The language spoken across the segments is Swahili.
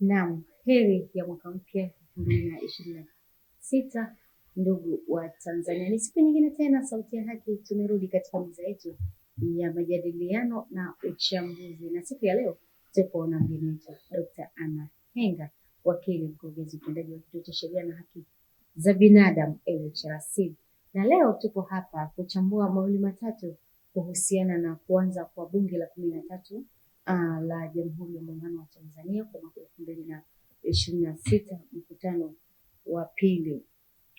Naam, heri ya mwaka mpya elfu mbili na ishirini na sita ndugu wa Tanzania. Ni siku nyingine tena Sauti ya Haki tumerudi katika meza yetu ya majadiliano na uchambuzi, na siku ya leo tuko na mgeni wetu Dr. Anna Henga, wakili mkurugenzi mtendaji wa kituo cha sheria na haki za binadamu LHRC, na leo tuko hapa kuchambua mawili matatu kuhusiana na kuanza kwa bunge la kumi na tatu uh, la Jamhuri ya Muungano wa Tanzania kwa mwaka elfu mbili na ishirini na sita mkutano wa pili.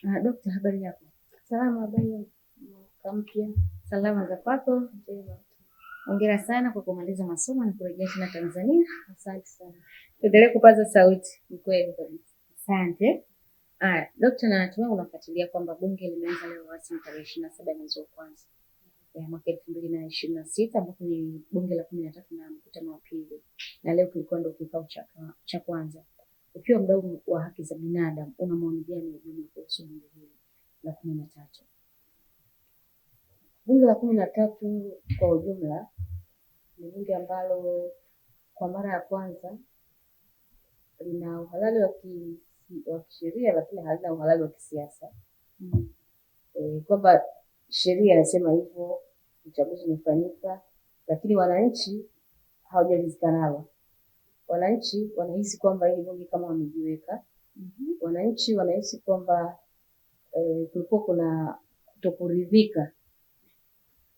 Uh, Dokta, habari yako? Salama. Habari mwaka mpya? Salama za kwako? Hongera sana kwa kumaliza masomo na kurejea tena Tanzania. Asante sana. Tuendelee kupaza sauti. Ni kweli kabisa. Asante. Aya, ah, Dokta, na natumai unafuatilia kwamba bunge limeanza leo rasmi tarehe ishirini na saba mwezi wa kwanza Eh, mwaka elfu mbili na ishirini na sita ambapo ni bunge la kumi na tatu na mkutano wa pili, na leo kilikuwa ndo kikao cha kwanza. Ukiwa mdau wa haki za binadamu, una maoni gani ya kuhusu bunge hili la kumi na tatu? Bunge la kumi na tatu kwa ujumla ni bunge ambalo kwa mara ya kwanza lina uhalali wa kisheria, lakini halina uhalali wa kisiasa mm. E, kwamba sheria inasema hivyo, uchaguzi umefanyika, lakini wananchi hawajalizika nalo. Wananchi wanahisi kwamba hili bunge kama wamejiweka mm -hmm. Wananchi wanahisi kwamba e, kulikuwa kuna kutokuridhika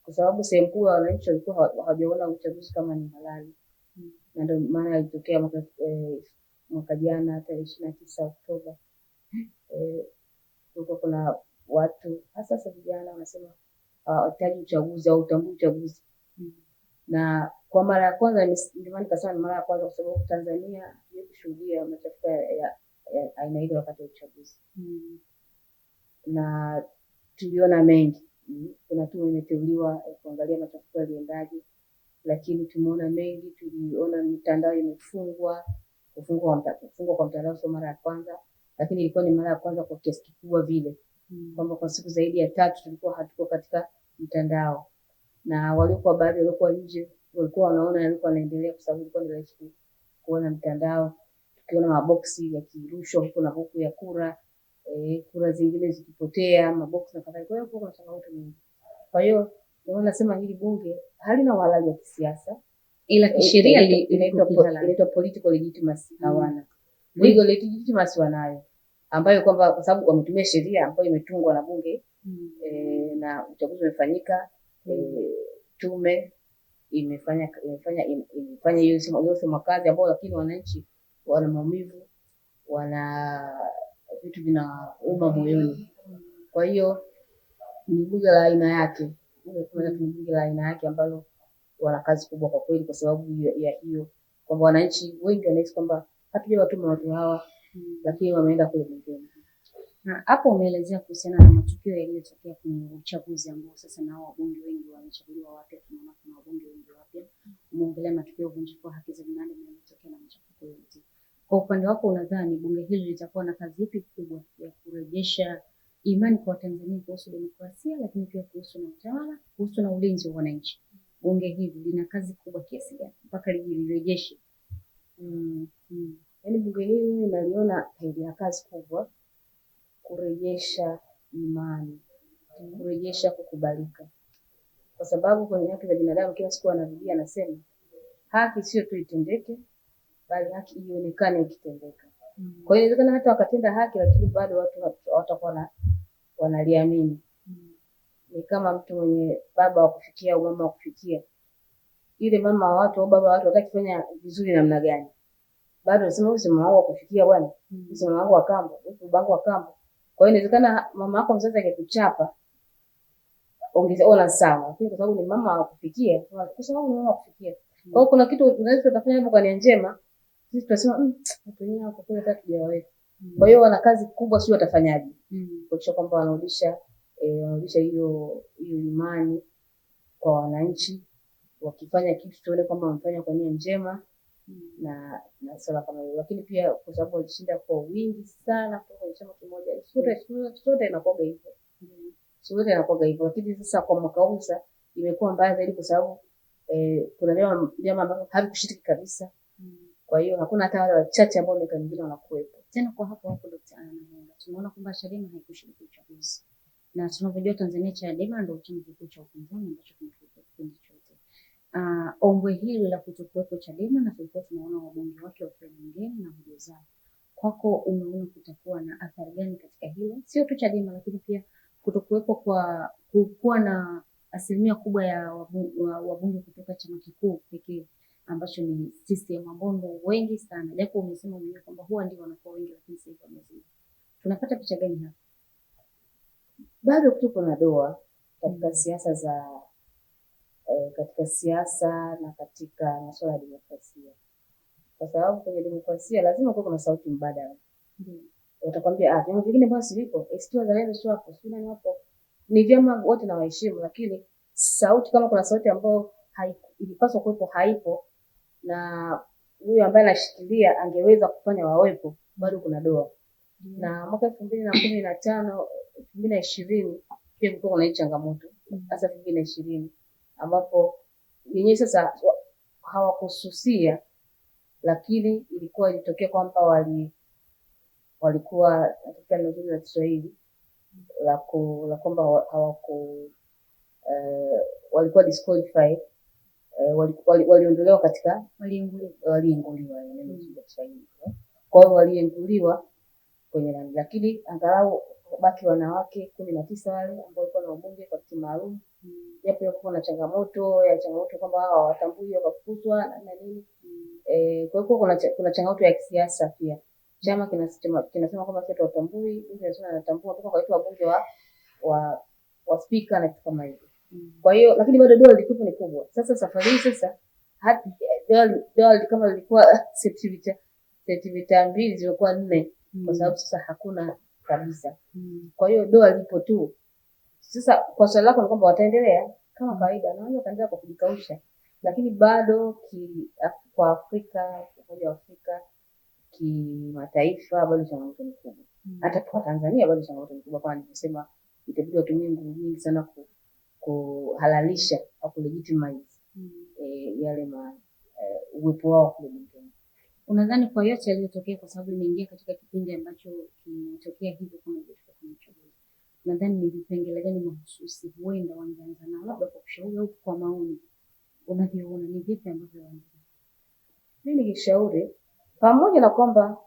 kwa sababu sehemu kubwa ya wananchi walikuwa hawajaona uchaguzi kama ni halali mm. Na ndio maana alitokea mwaka, eh, mwaka jana tarehe ishirini na tisa Oktoba mm. eh, kulikuwa kuna watu hasa sasa vijana wanasema hawahitaji ah, uh, uchaguzi au utambui uchaguzi mm. na kwa mara ya kwanza, ndio maana nikasema mara ya kwanza, kwa sababu Tanzania ndio kushuhudia machafuko ya aina hiyo wakati wa uchaguzi mm. na tuliona mengi mm. kuna tume imeteuliwa kuangalia machafuko yaliendaje, lakini tumeona mengi, tuliona mitandao imefungwa kufungwa kwa mtandao sio mara ya kwanza, lakini ilikuwa ni mara ya kwanza kwa kiasi kikubwa vile Mm. kwamba kwa siku zaidi ya tatu tulikuwa hatuko katika mtandao, na walikuwa baadhi walikuwa nje walikuwa wanaona yalikuwa yanaendelea, kwa sababu ilikuwa ni rahisi kuona mtandao, tukiona maboksi yakirushwa huku na huku ya kura e, kura zingine zikipotea maboksi na kadhalika. Kwa hiyo kuna changamoto nyingi. Kwa hiyo ndio nasema hili bunge halina uhalali wa kisiasa, ila eh, kisheria inaitwa political legitimacy mm. hawana. Legal legitimacy wanayo ambayo kwamba kwa sababu wametumia sheria ambayo imetungwa na bunge mm. e, na uchaguzi umefanyika eh, mm. e, tume imefanya imefanya imefanya hiyo sema kazi ambayo, lakini wananchi wana maumivu, wana vitu vinauma moyoni. Kwa hiyo ni bunge la aina yake, ni bunge la aina yake ambalo wana kazi kubwa kwa kweli, kwa sababu ya hiyo kwamba wananchi wengi wanahisi kwamba hatujawatuma watu hawa lakini wameenda kule bungeni. Na hapo umeelezea kuhusiana na matukio yaliyotokea kwenye uchaguzi ambao sasa nao wabunge wengi wamechaguliwa wapya, tunaona kuna wabunge wengi wapya. Umeongelea matukio ya uvunjifu wa haki za binadamu yaliyotokea na machafuko yote. Kwa upande wako, unadhani bunge hili litakuwa na kazi ipi kubwa ya kurejesha imani kwa Watanzania kuhusu demokrasia, lakini pia kuhusu na utawala, kuhusu na ulinzi wa wananchi? Bunge hili lina kazi kubwa kiasi gani mpaka lijirejeshe? mm, mm. Yaani bunge hili mimi naliona kaina kazi kubwa kurejesha imani, kurejesha kukubalika, kwa sababu kwenye haki za binadamu kila siku anarudia anasema, haki sio tu itendeke, bali haki ionekane ikitendeka. Mm. Kwa hiyo inawezekana hata wakatenda haki, lakini bado watu watakuwa wanaliamini. Mm. Ni kama mtu mwenye baba wa kufikia au mama wa kufikia, ile mama wa watu au baba wa watu hataki kufanya vizuri namna gani bado nasema huyu msimamo wangu akufikia bwana, msimamo wangu wa kambo, baba wangu wa kambo. Kwa hiyo inawezekana mama yako mzazi akikuchapa ongeza ona sawa, lakini kwa sababu ni mama akufikia, kwa sababu ni mama akufikia. Kwa hiyo kuna kitu unaweza utafanya hapo kwa nia njema, sisi tunasema mm, watu wenyewe hapo kule hata tujaweka. Mm. Kwa hiyo wana kazi kubwa, sio watafanyaje mm. Kwa hiyo kwamba wanarudisha eh, wanarudisha hiyo hiyo imani kwa wananchi, wakifanya kitu tuone kwamba wamefanya kwa nia njema na na swala kama hilo, lakini pia kwa sababu walishinda kwa wingi sana kutoka kwenye chama kimoja, sote inakuwaga hivyo, mm-hmm. sote inakuwaga hivyo. Lakini sasa kwa mwaka huu sasa imekuwa mbaya zaidi, kwa sababu eh, kuna vyama ambavyo havikushiriki kabisa. Mm-hmm. Kwa hiyo hakuna hata wale wachache ambao miaka mingine wanakuwepo tena. Kwa hapo hapo, Dkt. Anna tunaona kwamba Chadema haikushiriki uchaguzi na tunavyojua Tanzania, Chadema ndio chama kikuu cha upinzani ambacho uh, ombwe hili la kutokuwepo Chadema na kulikuwa tunaona wabunge wake wakiwa bungeni na hoja zao, kwako unaona kutakuwa na athari gani katika hilo, sio tu Chadema lakini pia kutokuwepo kwa kuwa na asilimia kubwa ya wabunge kutoka chama kikuu pekee ambacho ni CCM ambao ndio wengi sana, japo umesema mwenyewe kwamba huwa ndio wanakuwa wengi, lakini sasa hivi wamezidi. Tunapata picha gani hapa? Bado tupo na doa katika mm. siasa za katika siasa na katika masuala ya demokrasia, kwa sababu kwenye demokrasia lazima kuwe kuna sauti mbadala. Watakwambia ah, vyama vingine bwana siviko, ACT Wazalendo sio hapo, sio nani hapo. Ni vyama wote na waheshimu, lakini sauti, kama kuna sauti ambayo ilipaswa kuwepo haipo, na huyo ambaye anashikilia angeweza kufanya wawepo, bado kuna doa. Na mwaka elfu mbili na kumi na tano elfu mbili na ishirini pia kulikuwa kuna changamoto, mm. hasa elfu mbili na ishirini ambapo yenyewe sasa hawakususia, lakini ilikuwa ilitokea kwamba wali walikuwa katika nzuri la Kiswahili la kwamba hawaku eh, walikuwa disqualified uh, waliondolewa wali, katika waliinguliwa Kiswahili kwa hiyo walienguliwa kwenye nani, lakini angalau baki wanawake kumi na tisa wale ambao walikuwa na ubunge kwa kiti maalum japo kuwa na changamoto ya changamoto kwamba hao hawatambui wakafukuzwa na nini. e, kwa hiyo kuna kuna changamoto ya kisiasa pia. Chama kinasema kinasema kwamba sisi tutambui, bunge lazima anatambua kwa kwa wabunge wa wa wa spika na kitu kama hivyo. Mm. Kwa hiyo lakini bado dola lilikuwa ni kubwa. Sasa safari hii sasa hadi eh, dola kama lilikuwa ah, sentimita sentimita mbili zilikuwa nne, kwa mm. sababu sasa hakuna kabisa. Kwa hiyo dola lipo tu sasa kwa swali lako ni kwamba wataendelea kama kawaida, wanaweza wakaendelea kwa kujikausha, lakini bado ki, kwa Afrika, Umoja wa Afrika kimataifa bado changamoto ni kubwa, hmm. hata kwa Tanzania bado changamoto ni kubwa, kama nilivyosema, itabidi watumie nguvu nyingi sana ku, kuhalalisha au kulegitimize mm. e, yale ma eh, uwepo wao kule duniani. Unadhani kwa yote yaliyotokea, kwa sababu imeingia katika kipindi ambacho kimetokea hivyo kama ilivyotokea nadhani ni vipengele gani mahususi huenda wangeanza nao, labda kwa kushauri au kwa maoni, unavyoona ni vipi ambavyo wangeanza? Mimi nikishauri, pamoja na kwamba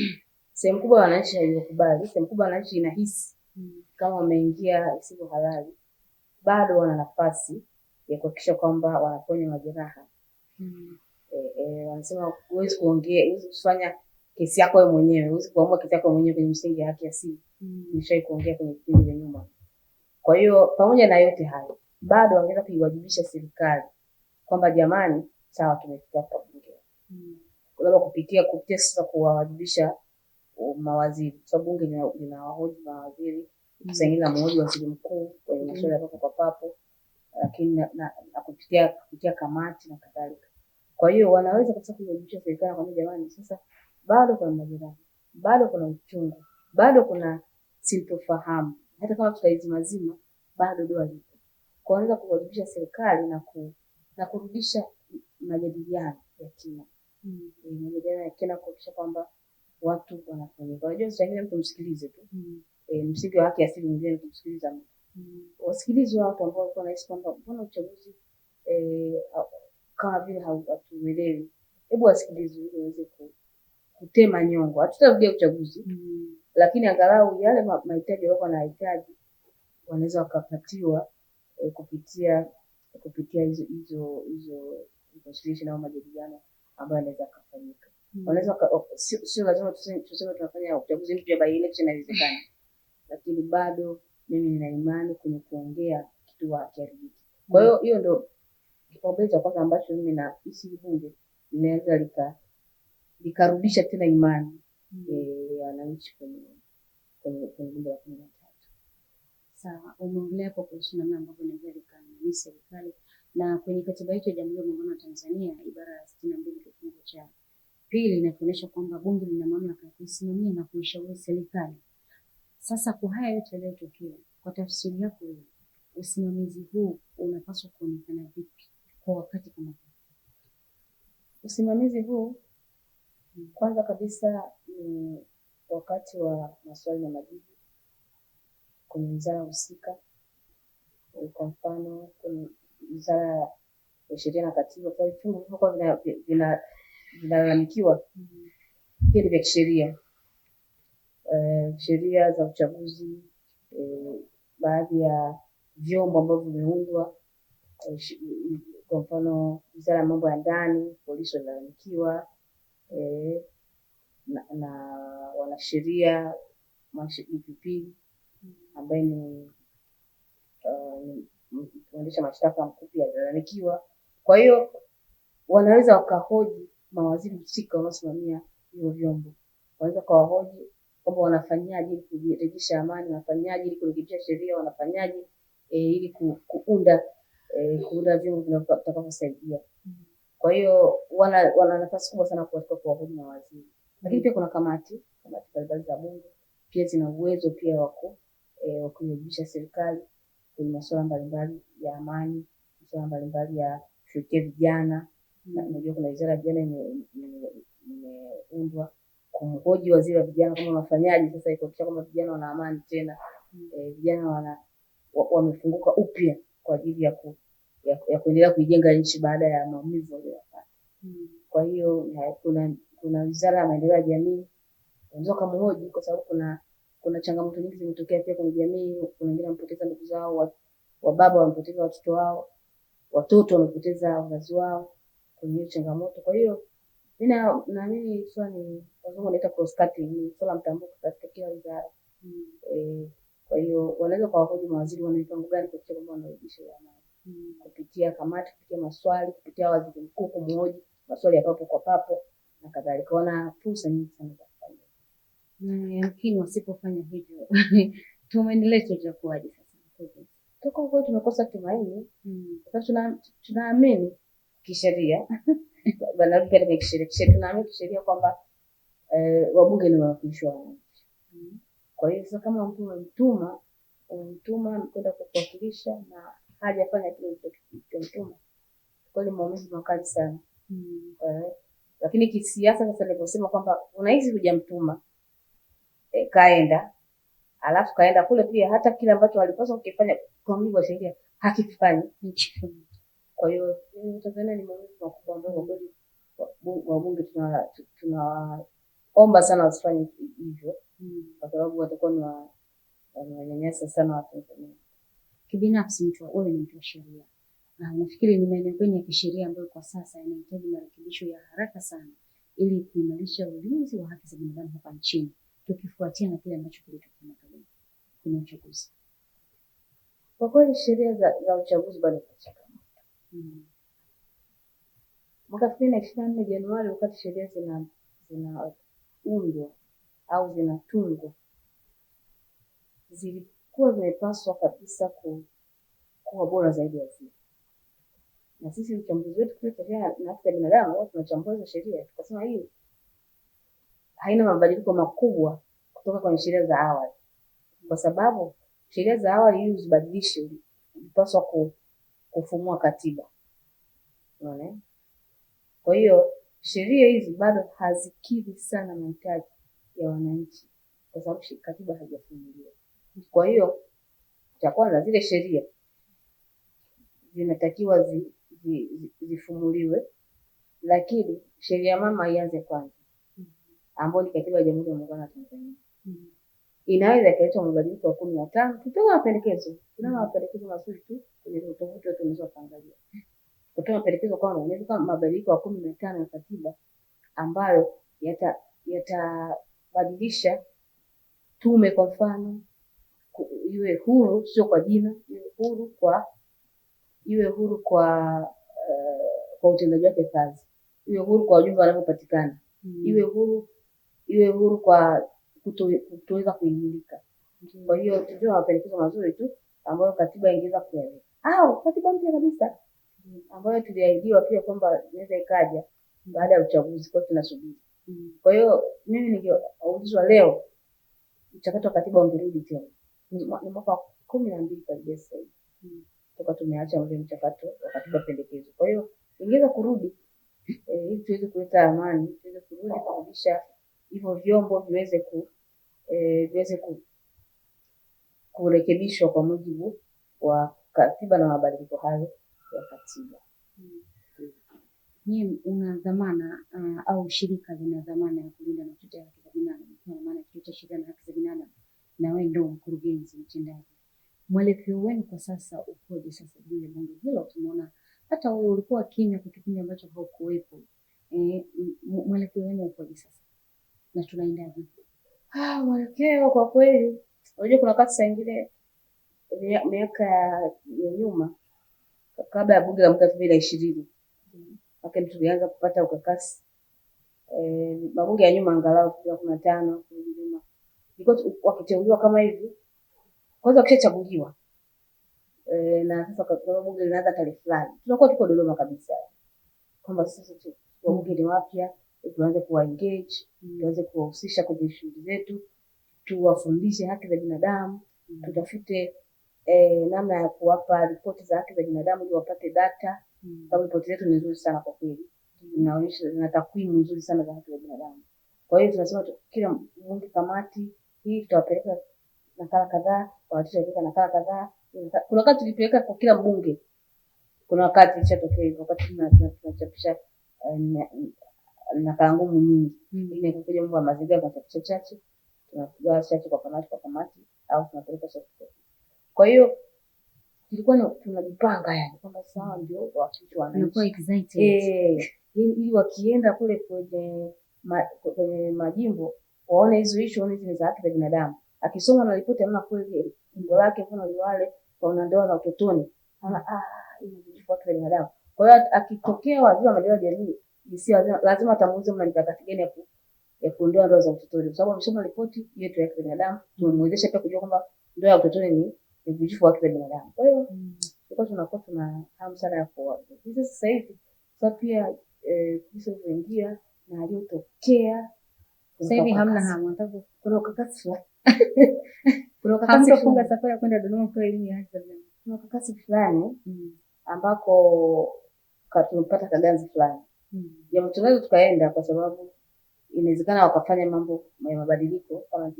sehemu kubwa wananchi haiwakubali, sehemu kubwa wananchi inahisi hmm. kama wameingia isivyo halali, bado wana nafasi ya kuhakikisha kwamba wanaponya majeraha mm. E, e, wanasema huwezi kuongea, huwezi kufanya kesi yako wewe mwenyewe, huwezi kuamua kesi yako mwenyewe kwenye msingi ya haki asili nishai kuongea kwenye vipindi vya nyuma. Kwa hiyo pamoja na yote hayo, bado wangeweza kuiwajibisha serikali kwamba jamani, sawa, tumefikia kwa bunge mm. labda kupitia kupitia sasa kuwawajibisha mawaziri, kwa sababu bunge linawahoji mawaziri hmm. saa ingine namhoji waziri mkuu kwenye hmm. maswala ya papo kwa papo, lakini na, na, na kupitia kupitia kamati na kadhalika. Kwa hiyo wanaweza kabisa kuiwajibisha serikali kwamba jamani, sasa bado kuna majeraha, bado kuna uchungu, bado kuna sintofahamu, hata kama mazima bado doa lipo. Kwa hiyo kuwajibisha serikali na, ku, na kurudisha majadiliano ya kina mm. Eh, majadiliano ya kina kuhakikisha kwamba watu wanafanyika. Unajua Kiswahili mtu msikilize tu mm. E, msingi wa haki asili mwingine kumsikiliza mtu mm. Wasikilizwe watu ambao walikuwa nahisi kwamba mbona uchaguzi e, kama vile hatuelewi, hebu wasikilize ili waweze kutema nyongo. Hatutarudia uchaguzi mm lakini angalau yale mahitaji waliokuwa wanahitaji wanaweza wakapatiwa e, kupitia kupitia hizo hizo hizo reconciliation au majadiliano ambayo yanaweza kufanyika. Hmm. Wanaweza sio lazima tuseme tunafanya uchaguzi mpya by election, inawezekana, lakini bado mimi nina imani kwenye kuongea kitu hakiharibiki. Kwa hiyo hiyo ndio kipaumbele cha kwanza ambacho mimi hisi bunge linaweza likarudisha tena imani Mm. Eh, ya wananchi kwenye bunge la kumi na tatu. Sawa, umeongelea kuhusu namna ambavyo inaweza likaangalia serikali na kwenye katiba yetu ya Jamhuri ya Muungano wa Tanzania ibara ya sitini na mbili kifungu cha pili inatuonyesha kwamba bunge lina mamlaka ya kuisimamia na kuishauri serikali. Sasa kwa haya yote yaliyotokea, kwa tafsiri yako wewe, usimamizi huu unapaswa kuonekana vipi kwa wakati kama Usimamizi huu kwanza kabisa wakati wa maswali na majibu kwenye wizara husika. Kwa mfano kwenye wizara ya sheria na katiba, kwa vipimo vilivyokuwa vinalalamikiwa hivi mm-hmm. ni vya kisheria, eh, sheria za uchaguzi, eh, baadhi ya vyombo ambavyo vimeundwa eh, kwa mfano wizara ya mambo ya ndani, polisi walilalamikiwa eh, na, na wanasheria DPP e ambaye ni uh, mwendesha um, mashtaka mkuu ya alalamikiwa. Kwa hiyo wanaweza wakahoji mawaziri husika wanaosimamia hivyo vyombo, wanaweza kawahoji kwamba wanafanyaje ili kurejesha amani, wanafanyaje ili kurekebisha sheria, wanafanyaje eh, ili kuunda eh, kuunda vyombo vitakavyosaidia. Mm. Kwa hiyo wana nafasi kubwa sana katika kuwahoji mawaziri. Lakini pia kuna kamati kamati mbalimbali za bunge pia zina uwezo pia wa eh, kuiwajibisha serikali kwenye masuala mbalimbali ya amani, masuala mbalimbali ya kushirikia vijana. Unajua kuna wizara ya vijana imeundwa kumhoji waziri wa vijana kama unafanyaje sasa kuhakikisha kwamba vijana wana amani tena, eh, vijana wamefunguka upya kwa ajili ya ya kuendelea kuijenga nchi baada ya maumivu waliyopata. Hmm. Kwa hiyo eh, kuna kuna Wizara ya Maendeleo ya Jamii, unaweza kumhoji kwa sababu kuna kuna changamoto nyingi zimetokea pia kwenye jamii. Kuna wengine wamepoteza ndugu zao, wa baba wamepoteza watoto wao, watoto wamepoteza wazazi wao kwenye hiyo changamoto. Kwa hiyo mimi naamini sio ni wazungu wanaita cross cutting, ni swala mtambuka katika kila wizara. Hmm. Eh, kwa hiyo wanaweza kwa kuwahoji mawaziri wana mipango gani kuhakikisha kwamba wanarejesha amani, hmm. kupitia kamati, kupitia maswali, kupitia waziri mkuu kumhoji, maswali ya papo kwa papo na kadhalika. Wana fursa nyingi sana za kufanya Yamkini mm, wasipofanya hivyo tumeendelea tutakuwaje? Sasa tuko huko, tumekosa tumaini, mm. kwa sababu tunaamini kisheria wanarudi katika kisheria kisheria, tunaamini kisheria kwamba eh, wabunge ni wawakilishi wa wananchi. Mm. Kwa hiyo sasa, kama mtu umemtuma umemtuma kwenda kuwakilisha na hajafanya kile kilichomtuma, kweli maumivu makali sana. Lakini kisiasa sasa nilivyosema kwamba unahisi hujamtuma e, kaenda alafu kaenda kule pia hata kile ambacho alipaswa kukifanya kwa mujibu wa sheria hakikifanyi nchi. Kwa hiyo Tanzania ni maumivu makubwa ambayo kweli wabunge tunawaomba sana wasifanye hivyo, kwa sababu watakuwa ni wanyanyasa sana Watanzania. Kibinafsi, mtu wewe ni mtu wa sheria na nafikiri ni maeneo gani ya kisheria ambayo kwa sasa yanahitaji marekebisho ya haraka sana ili kuimarisha ulinzi wa haki za binadamu hapa nchini, tukifuatia na kile ambacho kilitokea kwenye uchaguzi. Kwa kweli sheria za, za uchaguzi bado kuna changamoto mm. Mwaka elfu mbili na ishirini na nne Januari, wakati sheria zina au zinatungwa, zilikuwa zimepaswa kabisa ku, kuwa bora zaidi ya zile na sisi uchambuzi wetu kwa sheria na haki za binadamu huwa tunachambua sheria tukasema hii haina mabadiliko makubwa kutoka kwenye sheria za awali, kwa sababu sheria za awali ili uzibadilishe ulipaswa kufumua katiba. Unaona, kwa hiyo sheria hizi bado hazikidhi sana mahitaji ya wananchi, kwa sababu katiba haijafumuliwa. Kwa hiyo cha kwanza, zile sheria zinatakiwa zi zi, zi, lakini sheria mama ianze kwanza, mm-hmm. ambayo ni katiba ya Jamhuri ya Muungano wa Tanzania. Mm-hmm. Inaweza ikaleta mabadiliko ya kumi na tano. Tutoa mapendekezo, tuna mapendekezo mazuri tu kwenye tovuti yetu, tunaweza kuangalia kutoa mapendekezo kwamba inaweza kama mabadiliko ya kumi na tano ya katiba ambayo yata yatabadilisha tume, kwa mfano iwe huru, sio kwa jina, iwe huru kwa iwe huru kwa uh, kwa utendaji wake kazi, iwe huru kwa wajumbe wanavyopatikana, mm. iwe huru iwe huru kwa kutoweza kuingilika. Mm. Kwa hiyo ndio mapendekezo mazuri tu ambayo katiba ingeweza kueleza au katiba mpya kabisa mm. ambayo tuliahidiwa pia kwamba inaweza ikaja mm. baada ya uchaguzi, kwa tunasubiri. Kwa hiyo mimi ningeulizwa leo mchakato wa katiba ungerudi tena, ni mwaka kumi na mbili kwa sasa hivi toka tumeacha ule mchakato wakatupa mm. pendekezo. Kwa hiyo ingeweza kurudi eh, ili tuweze kuleta amani, tuweze kurudi kurudisha hivyo vyombo viweze ku e, viweze ku, kurekebishwa kwa mujibu wa katiba na mabadiliko hayo ya katiba. Hmm. una dhamana uh, au shirika lina dhamana ya kulinda na kutetea haki za binadamu, kwa maana kitu cha sheria na haki za binadamu, na wewe ndio mkurugenzi mtendaji mwelekeo wenu kwa sasa ukoje sasa juu ya bunge hilo? Tumeona hata wewe ulikuwa kimya kwa kipindi ambacho haukuwepo. E, mwelekeo wenu ukoje sasa na tunaenda vipi? Ah, mwelekeo kwa kweli, unajua kuna kati saa ingine miaka ya nyuma kabla ya bunge la mwaka elfu mbili na ishirini mm-hmm. lakini tulianza kupata ukakasi e, mabunge ya nyuma, angalau kumi na tano wakiteuliwa kama hivi kwanza ukishachaguliwa e, eh, na sasa kwa sababu bunge linaanza tarehe fulani, tunakuwa tuko Dodoma kabisa, kwamba sisi wabunge ni wapya, tuanze kuwa engage, mm. tuanze kuwahusisha kwenye shughuli zetu, tuwafundishe haki za binadamu, mm. tutafute e, namna ya kuwapa ripoti za haki za binadamu ili wapate data, mm. sababu ripoti zetu ni nzuri sana kwa kweli, inaonyesha na takwimu nzuri sana za haki za binadamu. Kwa hiyo tunasema kila bunge kamati hii tutawapeleka nakala kadhaa, watoto walipeleka nakala kadhaa. Kuna wakati tulipeleka kwa kila mbunge, kuna wakati ilishatokea hivyo, wakati tunachapisha eh, nakala ngumu nyingi, ile hmm. ikakuja mambo ya mazingira, tunachapisha chache, tunagawa chache kwa kamati kwa kamati, au tunapeleka chache. Kwa hiyo tulikuwa tunajipanga, yani kwamba sawa, ndio wawakilishi wananchi eh, ili wakienda kule kwenye kwenye majimbo waone hizo issue ni za haki za binadamu akisoma na ripoti anaona kweli jimbo lake kuna wale kwa ndoa za utotoni, ana ah, imejifunza kwa binadamu. Kwa hiyo akitokea waziri wa maendeleo ya jamii jinsi lazima atamwulize mna mikakati gani ya ku ya kuondoa ndoa za utotoni, kwa sababu amesoma ripoti yetu ya kibinadamu, tumemwezesha pia kujua kwamba ndoa ya utotoni ni ujifu wa kibinadamu. Kwa hiyo tulikuwa tunakuwa tuna hamu sana ya kuoa. Sasa hivi kwa pia eh, kuingia na aliyotokea sasa hivi hamna hamu, nataka kuroka kasi fulani. Kuroka kasi kufunga safari kwenda Dodoma kwa elimu ya Kuroka kasi fulani mm. ambako katupata kaganzi fulani. Jambo mm. tukaenda kwa sababu inawezekana wakafanya mambo ya mabadiliko kama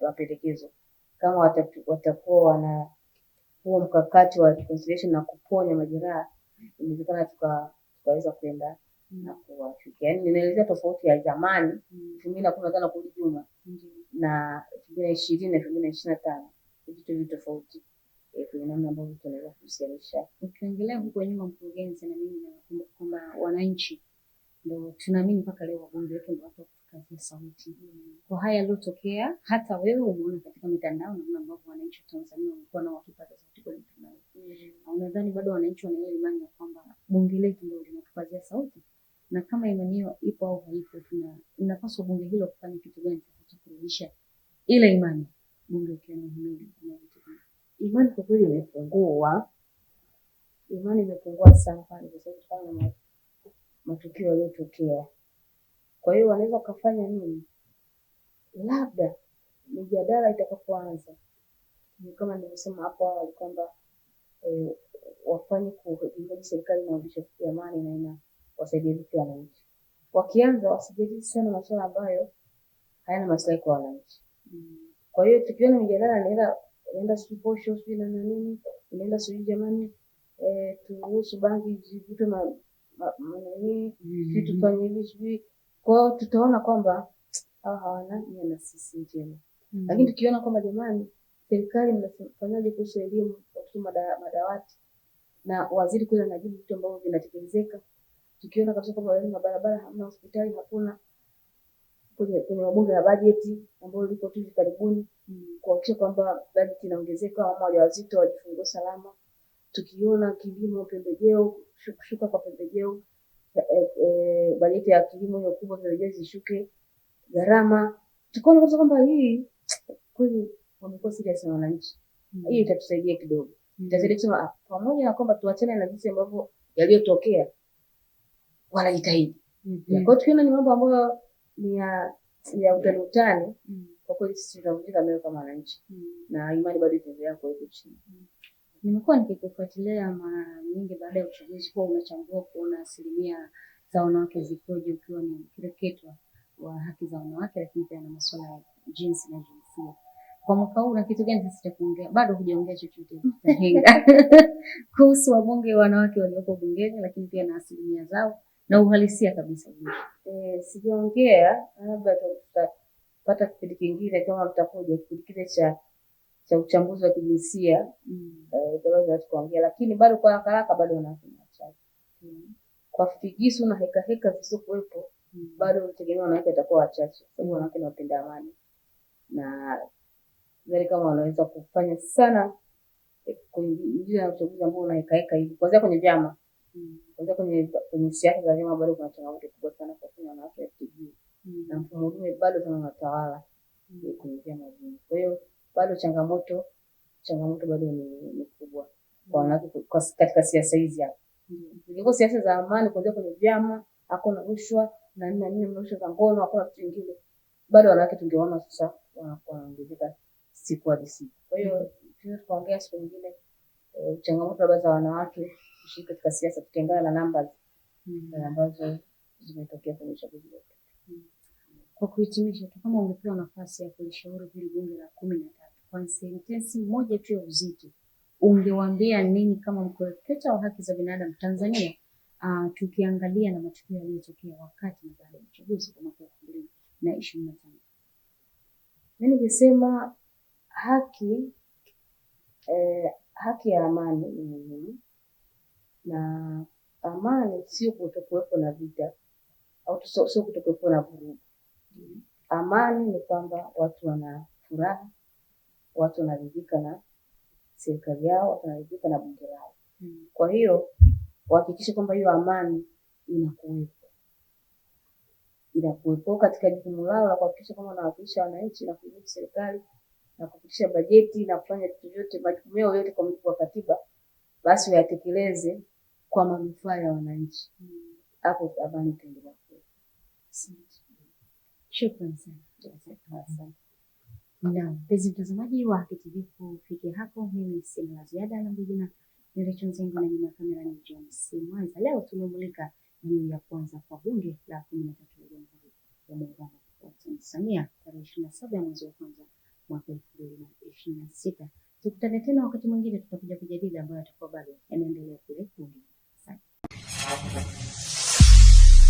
mapendekezo kama watakuwa wana huo mkakati wa reconciliation na kuponya majeraha, inawezekana tukaweza kwenda yani ninaelezea tofauti ya zamani mm. elfu mbili na kumi na tano kurudi nyuma na elfu mbili na ishirini na elfu mbili na ishirini na tano vitu hivi tofauti e, kwenye namna ambavyo tunaweza kuhusianisha. Ukiongelea huko nyuma, mkurugenzi, na mimi nakumbuka kwamba wananchi ndo tunaamini mpaka leo wagonjwa wetu ndio watu wa kutukazia sauti. Kwa haya yaliyotokea, hata wewe umeona katika mitandao namna ambavyo wananchi wa Tanzania wamekuwa nao wakipaza sauti kwenye mitandao. Mm. Unadhani bado wananchi wana ile imani ya kwamba bunge letu ndio linatupatia sauti? na kama imani ipo au haipo, tuna inapaswa bunge hilo kufanya kitu gani cha kurudisha ile imani bunge tena hili. Imani kwa kweli imepungua, imani imepungua sana kwa sababu ya matukio yaliyotokea. Kwa hiyo wanaweza kufanya nini? Labda mijadala itakapoanza ni kama nilivyosema hapo awali kwamba eh, wafanye kuhoji serikali na amani na imani wasaidizi wananchi. Wakianza wasijadili sana masuala ambayo hayana maslahi kwa wananchi. Kwa hiyo tukiona mijadala inaenda inaenda sijui posho sijui na nini inaenda sijui jamani, eh, turuhusu bangi zivute ma nini mm-hmm. sijui tufanye hivi Kwa hiyo tutaona kwamba hawa hawana nia na sisi njema. Mm-hmm. Lakini tukiona kwamba jamani, serikali mnafanyaje kuhusu elimu, watoto madawati na waziri kule anajibu vitu ambavyo vinatekelezeka tukiona kabisa kwamba na barabara hamna, hospitali hakuna, kwenye kwenye mabunge ya bajeti ambayo liko tu karibuni, mm. kuhakikisha kwamba bajeti inaongezeka, mama wajawazito wajifungue salama. Tukiona kilimo, pembejeo, kushuka kwa pembejeo, e, e, e, bajeti ya kilimo hiyo kubwa, pembejeo zishuke, gharama. Tukiona kabisa kwamba hii kweli wamekuwa serious na wananchi, mm. hii itatusaidia kidogo, mm. itasaidia kusema ah, pamoja na kwamba tuachane na jinsi ambavyo yaliyotokea wanajitahidi. Mhm. Kwa hiyo tukiona ni mambo ambayo ni ya ya utani utani, mhm. kwa kweli sisi tunavunjika moyo kama wananchi mhm. na imani bado itaendelea kuwepo chini. Nimekuwa nikikufuatilia mara nyingi baada ya uchaguzi kuwa unachambua kuona asilimia za wanawake zikoje, ukiwa ni mkereketwa wa haki za wanawake, lakini pia na masuala ya jinsi na jinsia. Kwa mwaka huu na kitu gani sisi cha Bado hujaongea chochote kuhusu wabunge wanawake walioko bungeni, lakini pia na asilimia zao na uhalisia kabisa. Eh, sijaongea labda tutapata kipindi kingine kama mtakuja kipindi kile cha cha uchambuzi wa kijinsia mm. Eh, tunaweza tukaongea, lakini bado kwa haraka bado wanafanya wachache Kwa figisu na heka heka zisizokuwepo mm. Bado unategemea wanawake watakuwa wachache, sababu mm. wanawake ni wapenda amani na zari kama wanaweza kufanya sana eh, kuingia uchaguzi ambao unahekaheka hivi kuanzia kwenye vyama kwanza kwenye kwenye siasa za vyama bado kuna changamoto kubwa sana kwa sababu wanawake hatujui. Na mfumo dume bado sana unatawala mm. kwenye vyama vingi. Kwa hiyo bado changamoto changamoto bado ni, ni kubwa kwa mm. wanawake katika siasa hizi hapa. Zingine mm. siasa za amani kuanzia kwenye vyama hakuna rushwa na nini nini rushwa za ngono hakuna kitu kingine. Bado wanawake tungeona sasa wanaongezeka siku hadi siku. Kwa hiyo tunaongea siku nyingine eh, changamoto labda za wanawake kushiriki katika siasa tukiendana na namba mm. eh, ambazo zimetokea kwenye uchaguzi wetu. Mm. Kwa kuhitimisha tu, kama ungepewa nafasi ya kulishauri hili bunge la kumi na tatu kwa sentensi moja tu ya uzito, ungewaambia nini kama mkoreketa wa haki za binadamu Tanzania, uh, tukiangalia na matukio yaliyotokea wakati na baada ya uchaguzi wa mwaka elfu mbili na ishirini na tano? Mi nikisema haki, eh, haki ya amani ni muhimu na amani sio kutokuwepo na vita au sio kutokuwepo na vurugu. Amani ni kwamba watu wana furaha, watu wanaridhika na serikali yao, watu wanaridhika na bunge lao. Hmm. Kwa hiyo wahakikishe kwamba hiyo amani inakuwepo, inakuwepo katika jukumu lao la kuhakikisha kwamba wanawakilisha wananchi na kuinuka serikali na kupitisha bajeti na kufanya vitu vyote, majukumu yao yote kwa mujibu wa katiba, basi wayatekeleze kwa manufaa ya wananchi. Hapo tabani itaendelea kuwa. Shukrani sana. Na mpenzi mtazamaji wa Haki TV, kufikia hapo mimi sina la ziada, langu jina ni Recho Nzengo na nyuma ya kamera ni James Mwanza. Leo tumemulika juu ya kuanza kwa bunge la kumi na tatu la Jamhuri ya Muungano wa Tanzania tarehe ishirini na saba ya mwezi wa kwanza mwaka elfu mbili na ishirini na sita. Tukutane tena wakati mwingine, tutakuja kujadili ambayo yatakuwa bado yanaendelea kule bunge. Gracias.